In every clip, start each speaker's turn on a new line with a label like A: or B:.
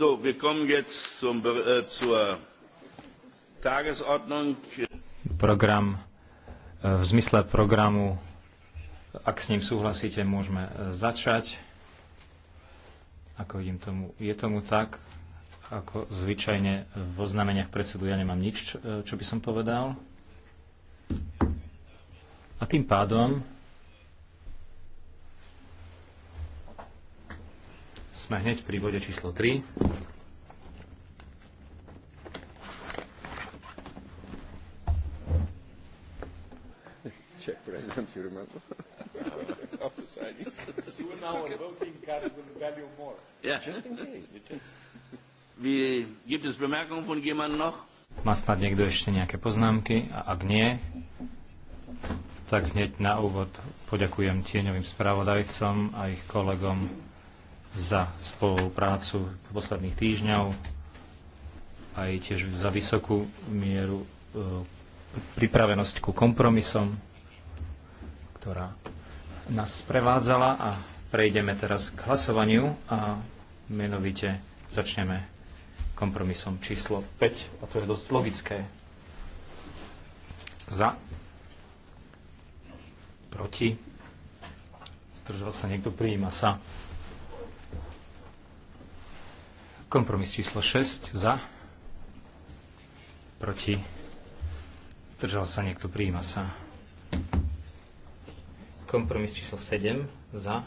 A: wir kommen jetzt zum, äh, zur Tagesordnung.
B: Program äh, v zmysle programu, ak s ním súhlasíte, môžeme e, začať. Ako vidím, tomu, je tomu tak. Ako zvyčajne v oznámeniach predsedu ja nemám nič, čo by som povedal. A tým pádom Sme hneď pri bode číslo 3.
A: Czech president, you remember? of the our voting card will value more. Yeah. Just in case. Wie, gibt es Bemerkungen von jemandem noch?
B: Má snad niekto ešte nejaké poznámky? A ak nie, tak hneď na úvod poďakujem tieňovým spravodajcom a ich kolegom za spoluprácu posledných týždňov aj tiež za vysokú mieru e, pripravenosť ku kompromisom, ktorá nás sprevádzala a prejdeme teraz k hlasovaniu a menovite začneme kompromisom číslo 5 a to je dosť logické. Za, proti, zdržal sa niekto, prijíma sa. Kompromis číslo 6 za. Proti. Zdržal sa niekto, prijíma sa. Kompromis číslo 7 za.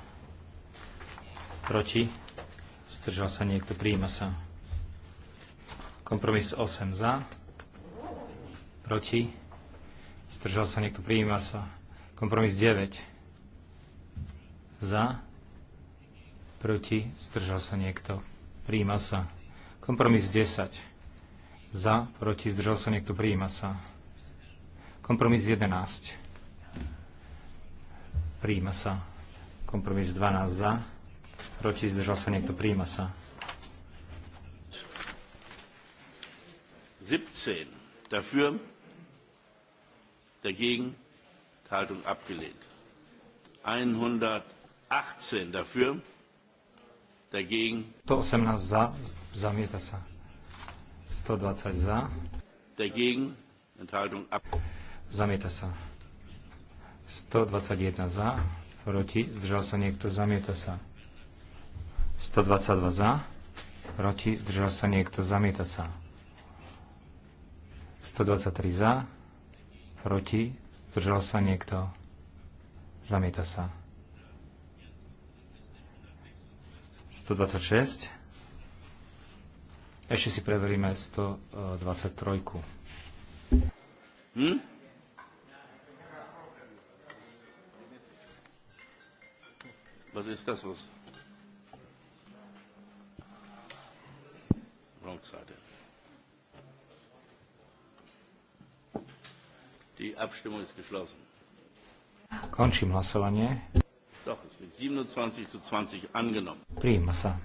B: Proti. Zdržal sa niekto, prijíma sa. Kompromis 8 za. Proti. Zdržal sa niekto, prijíma sa. Kompromis 9 za. Proti. Zdržal sa niekto, Prijíma sa. Kompromis 10. Za, proti, zdržal sa niekto, prijíma sa. Kompromis 11. Prijíma sa. Kompromis 12 za, proti, zdržal sa niekto, prijíma sa.
A: 17 dafür, dagegen, Haltung abgelehnt. 118 dafür, 118
B: za, zamieta sa. 120 za.
A: Dagegen, enthaltung ab.
B: Zamieta sa. 121 za, proti, zdržal sa niekto, zamieta sa. 122 za, proti, zdržal sa niekto, zamieta sa. 123 za, proti, zdržal sa niekto, zamieta sa. 126. Ešte si preveríme 123.
A: Hm? Was ist das los? Wrong-Seite. Die Abstimmung ist geschlossen.
B: Končím hlasovanie
A: mit 27 zu 20 angenommen. Prijíma sa.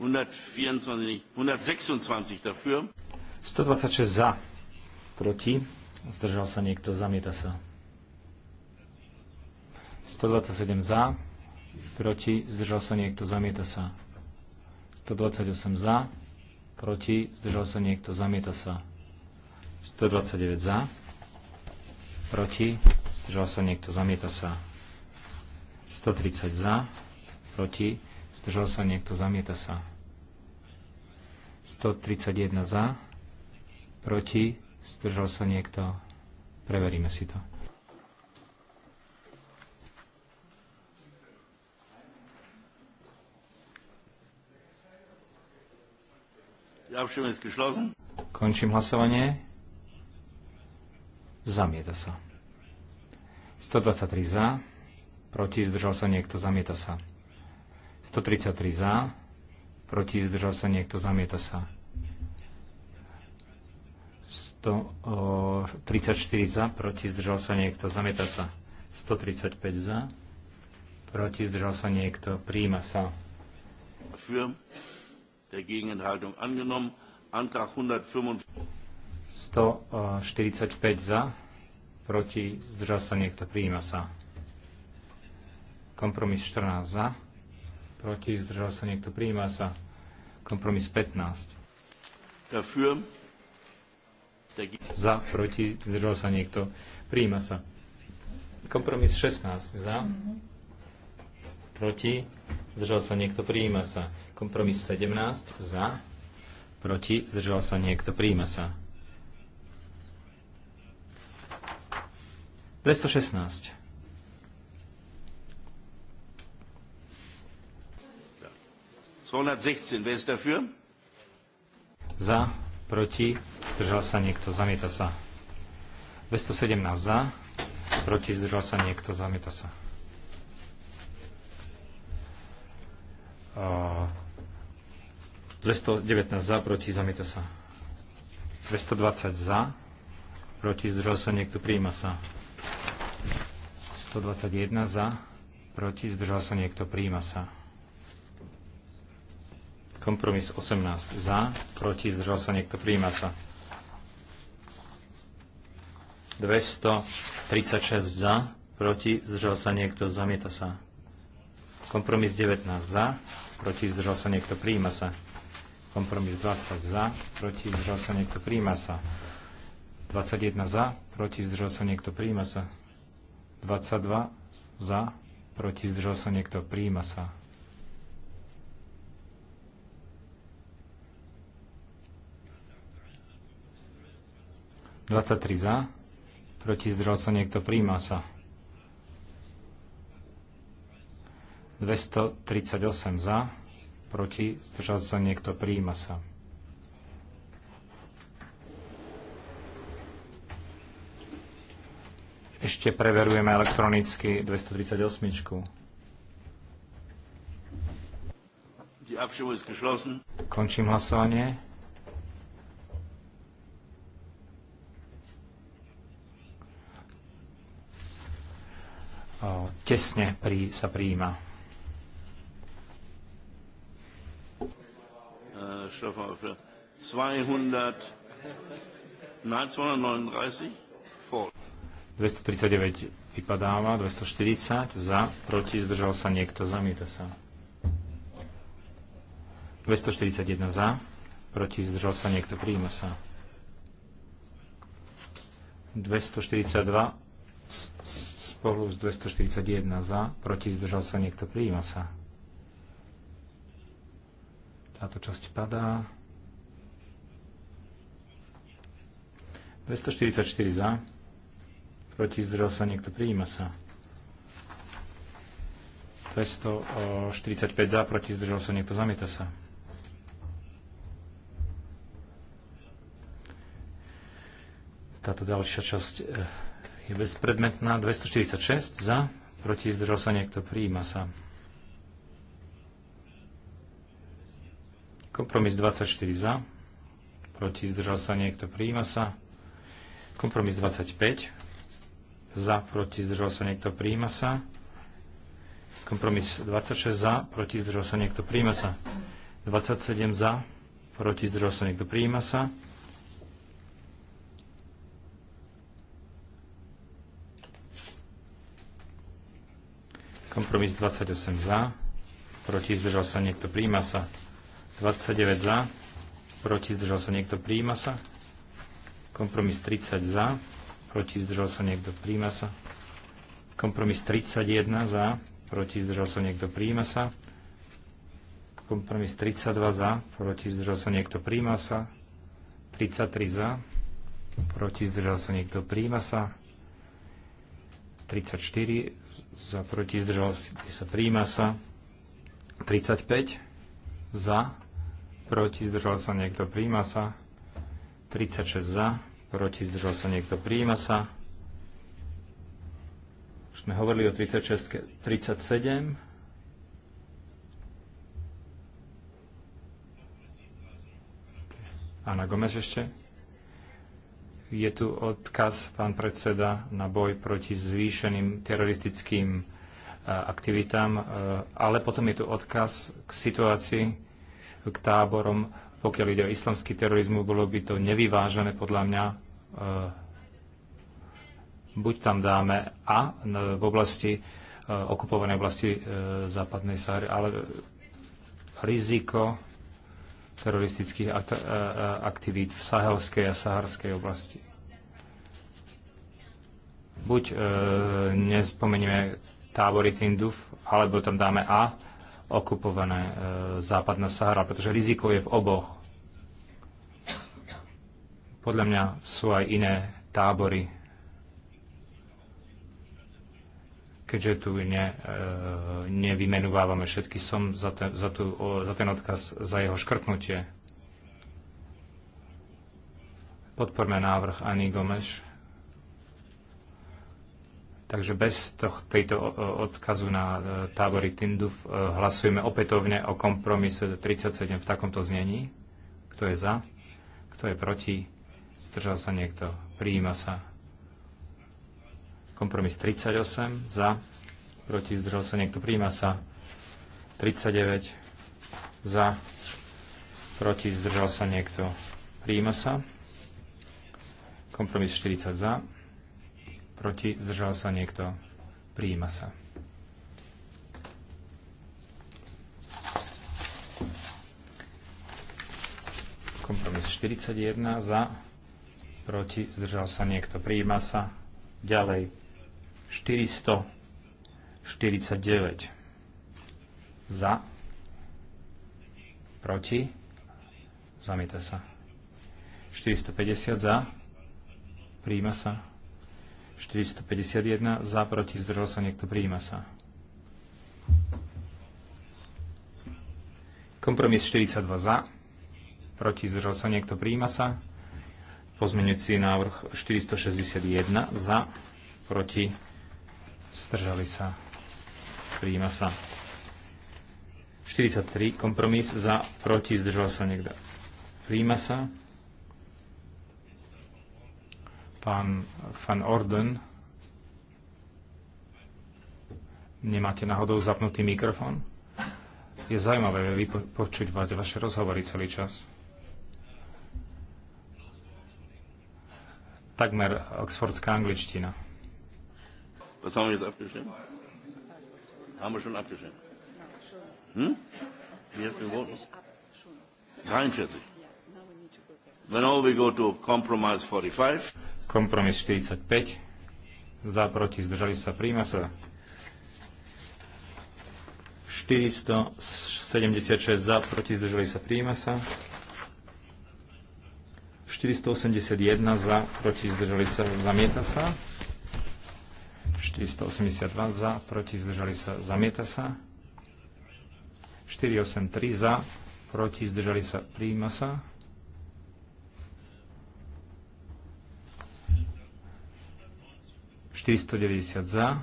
A: 126 dafür.
B: 126 za. Proti. Zdržal sa niekto. Zamieta sa. 127 za. Proti. Zdržal sa niekto. Zamieta sa. 128 za. Proti. Zdržal sa niekto. Zamieta sa. 129 za. Proti. Zdržal sa niekto? Zamieta sa. 130 za. Proti. Zdržal sa niekto? Zamieta sa. 131 za. Proti. Zdržal sa niekto? Preveríme si to. Končím hlasovanie. Zamieta sa. 123 za, proti zdržal sa niekto, zamieta sa. 133 za, proti zdržal sa niekto, zamieta sa. 134 za, proti zdržal sa niekto, zamieta sa. 135 za, proti zdržal sa niekto, príjma sa.
A: Für der Gegenenthaltung angenommen. Antrag 145
B: za, proti, zdržal sa niekto, prijíma sa. Kompromis 14 za, proti, zdržal sa niekto, prijíma sa. Kompromis 15. Dafür. Za, proti, zdržal sa niekto, prijíma sa. Kompromis 16 za, proti, zdržal sa niekto, prijíma sa. Kompromis 17 za, proti, zdržal sa niekto, prijíma sa. 216. Za, proti, zdržal sa niekto, zamieta sa. 217 za, proti, zdržal sa niekto, zamieta sa. Uh, 219 za, proti, zamieta sa. 220 za, proti, zdržal sa niekto, prijíma sa. 121 za, proti, zdržal sa niekto, príjima sa. Kompromis 18 za, proti, zdržal sa niekto, príjima sa. 236 za, proti, zdržal sa niekto, zamieta sa. Kompromis 19 za, proti, zdržal sa niekto, príjima sa. Kompromis 20 za, proti, zdržal sa niekto, príjima sa. 21 za, proti, zdržal sa niekto, príjima sa. 22 za, proti zdržal sa niekto, príjima sa. tri za, proti zdržal sa niekto, príjima sa. 238 za, proti zdržal sa niekto, príjima sa. Ešte preverujeme elektronicky 238. Končím hlasovanie. tesne sa prijíma.
A: 200, äh, nein, 239.
B: 239 vypadáva, 240 za, proti, zdržal sa niekto, zamieta sa. 241 za, proti, zdržal sa niekto, prijíma sa. 242 spolu s 241 za, proti, zdržal sa niekto, prijíma sa. Táto časť padá. 244 za, proti zdržal sa niekto, prijíma sa. 245 za, proti zdržal sa niekto, zamieta sa. Táto ďalšia časť e, je bezpredmetná. 246 za, proti zdržal sa niekto, prijíma sa. Kompromis 24 za, proti zdržal sa niekto, prijíma sa. Kompromis 25 za, proti, zdržal sa niekto, príjma sa. Kompromis 26 za, proti, zdržal sa niekto, príjma sa. 27 za, proti, zdržal sa niekto, príjma sa. Kompromis 28 za, proti, zdržal sa niekto, príjma sa. 29 za, proti, zdržal sa niekto, príjma sa. Kompromis 30 za, proti zdržal sa niekto, príjma sa. Kompromis 31 za, proti zdržal sa niekto, príjma sa. Kompromis 32 za, proti zdržal sa niekto, príjma sa. 33 za, proti zdržal sa niekto, príjma sa. 34 za, proti zdržal sa, príjma sa. 35 za, proti zdržal sa niekto, príjma sa. 36 za, proti, zdržal sa niekto, prijíma sa. Už sme hovorili o 36, 37. Áno, Gomez ešte. Je tu odkaz, pán predseda, na boj proti zvýšeným teroristickým e, aktivitám, e, ale potom je tu odkaz k situácii, k táborom pokiaľ ide o islamský terorizmus, bolo by to nevyvážené podľa mňa. E, buď tam dáme a v oblasti e, okupovanej oblasti e, západnej Sahary, ale riziko teroristických aktivít v sahelskej a saharskej oblasti. Buď e, nespomenieme tábory Tinduf, alebo tam dáme A, okupované e, západná Sahara, pretože riziko je v oboch. Podľa mňa sú aj iné tábory, keďže tu ne, e, nevymenúvávame všetky, som za, te, za, tu, za ten odkaz, za jeho škrtnutie. Podporme návrh Ani Gomeš. Takže bez tejto odkazu na e, tábory Tinduf e, hlasujeme opätovne o kompromise 37 v takomto znení. Kto je za? Kto je proti? Zdržal sa niekto? Prijíma sa. Kompromis 38. Za? Proti? Zdržal sa niekto? Prijíma sa. 39. Za? Proti? Zdržal sa niekto? Prijíma sa. Kompromis 40 za proti, zdržal sa niekto, prijíma sa. Kompromis 41 za, proti, zdržal sa niekto, prijíma sa. Ďalej 449 za, proti, zamieta sa. 450 za, prijíma sa. 451 za, proti, zdržal sa niekto, prijíma sa. Kompromis 42 za, proti, zdržal sa niekto, prijíma sa. Pozmeňujúci návrh 461 za, proti, zdržali sa, prijíma sa. 43 kompromis za, proti, zdržal sa niekto, prijíma sa. Pán Van Orden, nemáte náhodou zapnutý mikrofón? Je zaujímavé vypočuť vaše rozhovory celý čas. Takmer oxfordská angličtina.
A: Hm? Wie habt ihr we go to compromise 45.
B: Kompromis 45. Za, proti, zdržali sa, príjma sa. 476 za, proti, zdržali sa, príjma sa. 481 za, proti, zdržali sa, zamieta sa. 482 za, proti, zdržali sa, zamieta sa. 483 za, proti, zdržali sa, príjma sa. 490 za,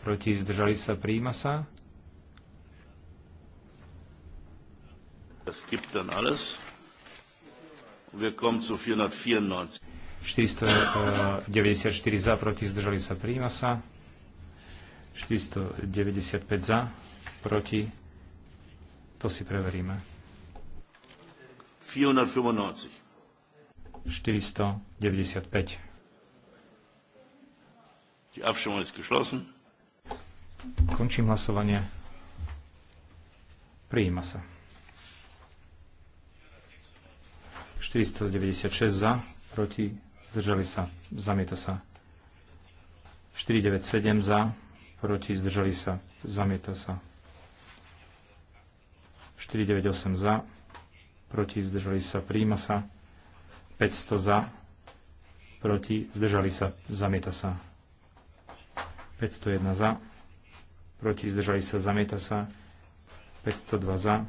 B: proti zdržali sa, príjima sa. Das gibt
A: dann alles. Wir kommen zu 494.
B: 494 äh, za, proti zdržali sa, príjima sa. 495 za, proti, to si preveríme.
A: 495.
B: 495.
A: Die Abstimmung ist geschlossen.
B: Končím hlasovanie. Prijíma sa. 496 za, proti, zdržali sa, zamieta sa. 497 za, proti, zdržali sa, zamieta sa. 498 za, proti, zdržali sa, prijíma sa. 500 za, proti, zdržali sa, zamieta sa. 501 za, proti zdržali sa, zamieta sa, 502 za,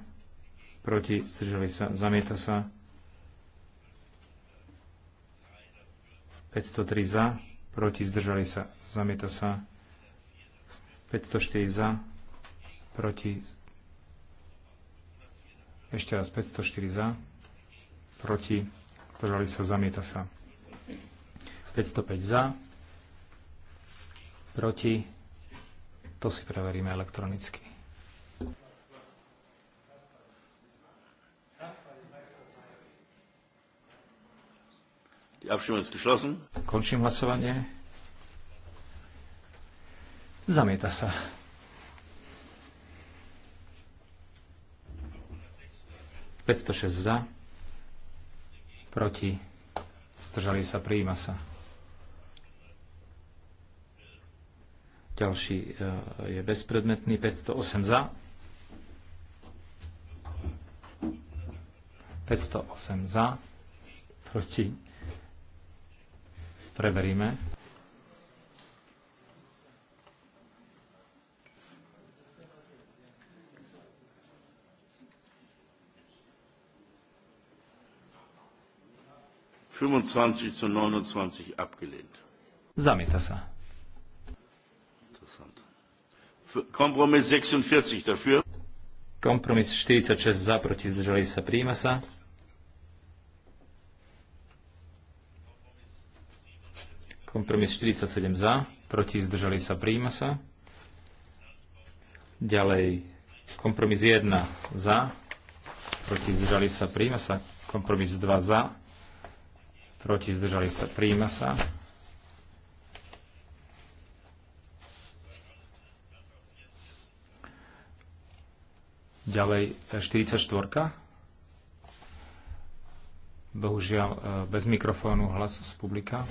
B: proti zdržali sa, zamieta sa, 503 za, proti zdržali sa, zamieta sa, 504 za, proti ešte raz 504 za, proti zdržali sa, zamieta sa, 505 za, proti, to si preveríme elektronicky. Končím hlasovanie. Zamieta sa. 506 za, proti, zdržali sa, prijíma sa. Ďalší e, je bezpredmetný 508 za. 508 za. Proti. Preveríme. Zamieta sa.
A: Kompromis 46 dafür.
B: Kompromis 46 za, proti zdržali sa, príjma sa. Kompromis 47 za, proti zdržali sa, príjma sa. Ďalej, kompromis 1 za, proti zdržali sa, príjma sa. Kompromis 2 za, proti zdržali sa, príjma sa. Ďalej 44. E, Bohužiaľ, e, bez mikrofónu hlas z publika.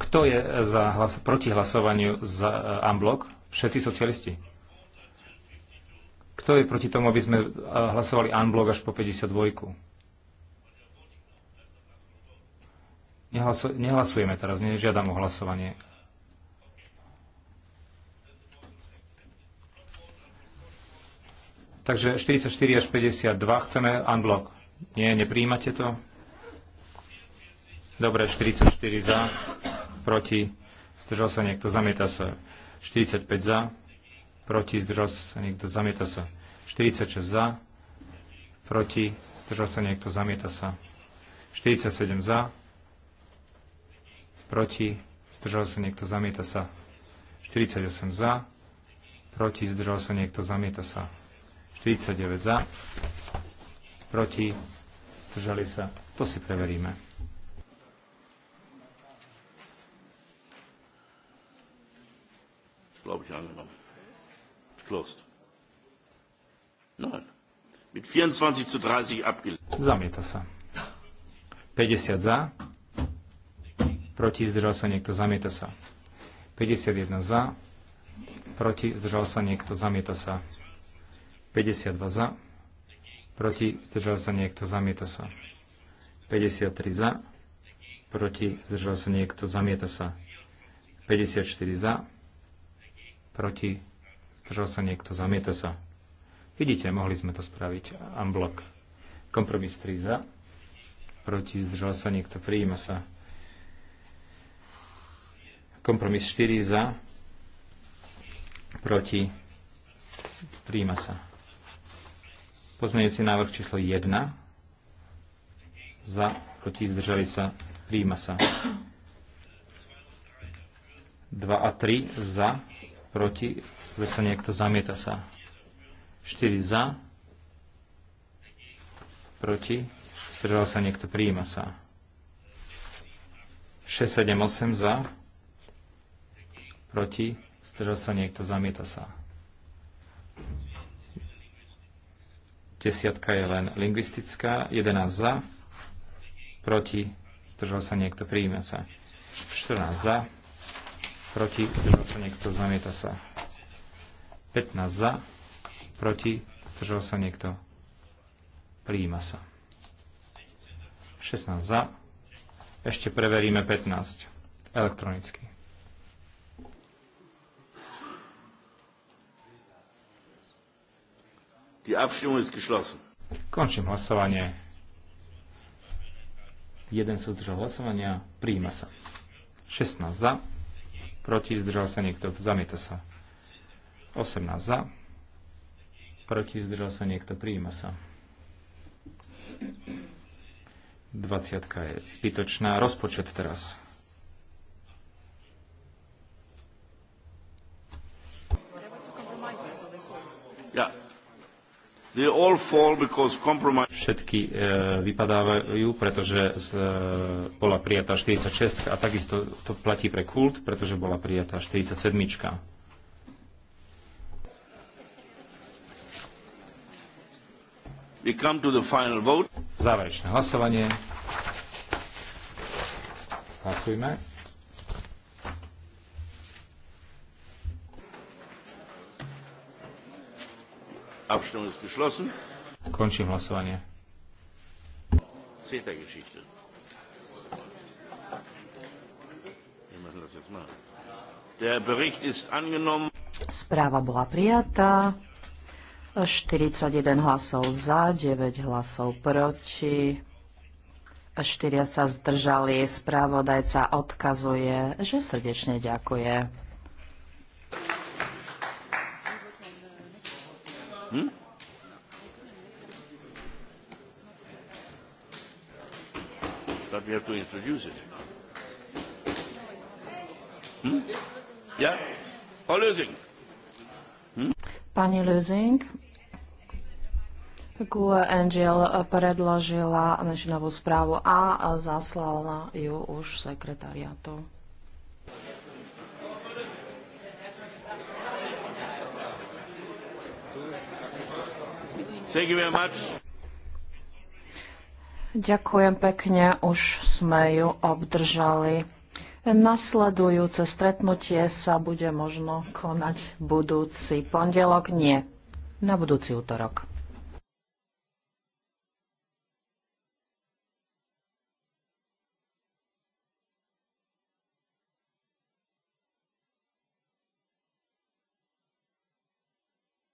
B: Kto je za hlas- proti hlasovaniu za uh, e, unblock? Všetci socialisti. Kto je proti tomu, aby sme eh, hlasovali unblock až po 52? Nehlasu- nehlasujeme teraz, nežiadam o hlasovanie. Takže 44 až 52 chceme unblock. Nie, nepríjmate to? Dobre, 44 za, proti, zdržal sa niekto, zamieta sa. 45 za, proti, zdržal sa niekto, zamieta sa. 46 za, proti, zdržal sa niekto, zamieta sa. 47 za, proti, zdržal sa niekto, zamieta sa. 48 za, proti, zdržal sa niekto, zamieta sa. 49 za, proti, zdržali sa. To si preveríme.
A: glaube ich, angenommen. Closed. Nein. Mit 24 zu 30 abgelehnt.
B: Zamieta sa. 50 za. Proti zdržal sa niekto. Zamieta sa. 51 za. Proti zdržal sa niekto. Zamieta sa. 52 za. Proti zdržal sa niekto. Zamieta sa. 53 za. Proti zdržal sa niekto. Zamieta sa. 54 za. Proti Zdržal sa niekto? Zamieta sa. Vidíte, mohli sme to spraviť. Unblock. Kompromis 3 za. Proti zdržal sa niekto. Prijíma sa. Kompromis 4 za. Proti. Prijíma sa. Pozmeňujúci návrh číslo 1. Za. Proti zdržali sa. Prijíma sa. 2 a 3 za proti, že sa niekto, zamieta sa. 4 za, proti, zdržal sa niekto, prijíma sa. 6, 7, 8 za, proti, zdržal sa niekto, zamieta sa. Desiatka je len lingvistická, 11 za, proti, zdržal sa niekto, prijíma sa. 14 za, proti, zdržal sa niekto, zamieta sa. 15 za, proti, zdržal sa niekto, prijíma sa. 16 za, ešte preveríme 15 elektronicky. Die
A: Abstimmung ist geschlossen.
B: Končím hlasovanie. Jeden sa zdržal hlasovania. Príjima sa. 16 za, proti, zdržal sa niekto, zamieta sa. 18 za, proti, zdržal sa niekto, prijíma sa. 20 je zbytočná. Rozpočet teraz. Ja. Všetky e, vypadávajú, pretože z, e, bola prijatá 46 a takisto to platí pre kult, pretože bola prijatá 47.
A: We come to the final vote. Záverečné
B: hlasovanie. Hlasujme. Končím hlasovanie. Správa bola prijatá. 41 hlasov za, 9 hlasov proti. 4 sa zdržali. Správodajca odkazuje, že srdečne ďakuje.
A: Hm? But we have to introduce it. Hm? Yeah? Or losing? Hm?
B: Pani Lusing, GUE NGL predložila menšinovú správu a zaslala ju už sekretariatu. Ďakujem pekne, už sme ju obdržali. Nasledujúce stretnutie sa bude možno konať budúci pondelok, nie, na budúci útorok.